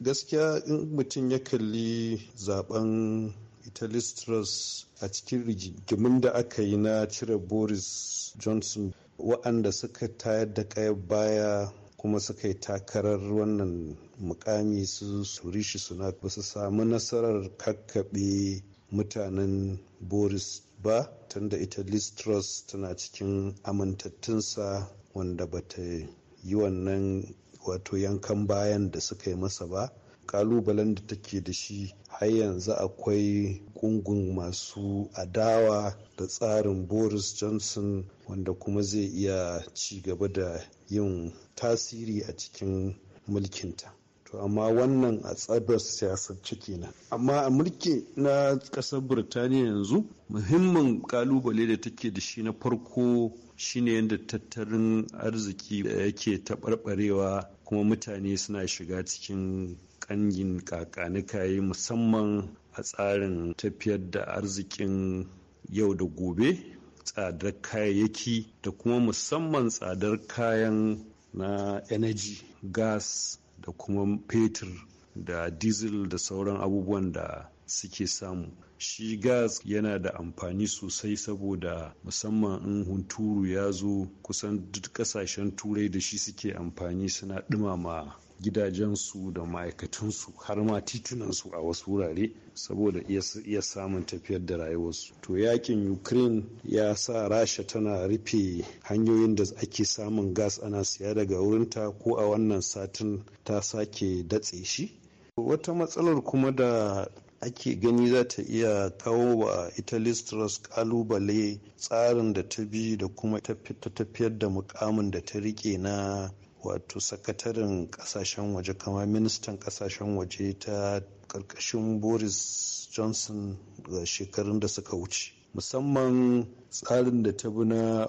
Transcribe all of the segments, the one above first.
gaskiya in mutum ya kalli zaben ita a cikin rigimin da aka yi na cire boris johnson wa'anda suka tayar da kayan baya kuma suka yi takarar wannan mukami su surishi suna ba su samu nasarar kakkaɓe mutanen boris ba tunda ita tana cikin amintattunsa wanda ba ta yi wannan wato yankan bayan da suka yi masa ba kalubalen da take da shi har yanzu akwai kungun masu adawa da tsarin boris johnson wanda kuma zai iya ci gaba da yin tasiri a cikin mulkinta to amma wannan a tsabar siyasar ciki na amma a mulki na ƙasar birtaniya yanzu muhimmin kalubale da take da shi na farko shine yadda tattalin arziki da yake taɓarɓarewa kuma mutane suna shiga cikin ƙangin yi musamman a tsarin tafiyar da arzikin yau da gobe tsadar kayayyaki da kuma musamman tsadar kayan na energy gas da kuma fetur da diesel da sauran abubuwan da suke samu shi gas yana da amfani sosai saboda musamman in hunturu ya zo kusan duk kasashen turai da shi suke amfani suna dumama gidajensu da ma'aikatansu har ma titunansu a wasu wurare saboda iya samun tafiyar da rayuwarsu to yakin ukraine ya sa rasha tana rufe hanyoyin da ake samun gas ana siya daga wurinta ko a wannan satin ta sake datse shi wata matsalar kuma da ake gani za ta iya kawo wa ita kalubale tsarin da ta bi da kuma ta tafiyar da mukamin da ta rike na wato sakataren kasashen waje kama ministan kasashen waje ta karkashin boris johnson ga shekarun da suka wuce musamman tsarin da ta bi na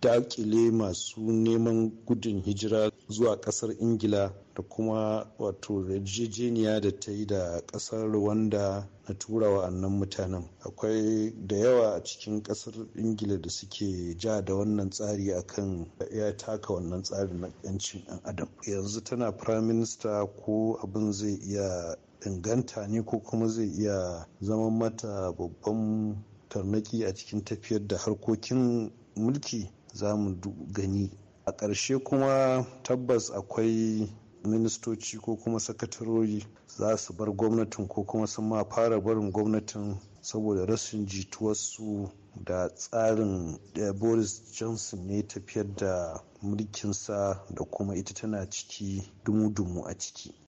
dakile masu neman gudun hijira zuwa kasar ingila da kuma wato yarjejeniya da ta yi da kasar rwanda na tura wa'annan mutanen akwai da yawa a cikin kasar ingila da suke ja da wannan tsari akan ya taka wannan tsarin na 'yancin 'yan adam yanzu tana prime minister ko abin zai iya inganta ne ko kuma zai iya zama mata babban tarnaki a cikin tafiyar da harkokin mulki za mu gani a ƙarshe kuma tabbas akwai ministoci ko kuma sakatarori za su bar gwamnatin ko kuma sun ma fara barin gwamnatin saboda rashin jituwarsu da tsarin da boris johnson ne tafiyar da mulkinsa da kuma ita tana ciki dumu-dumu a ciki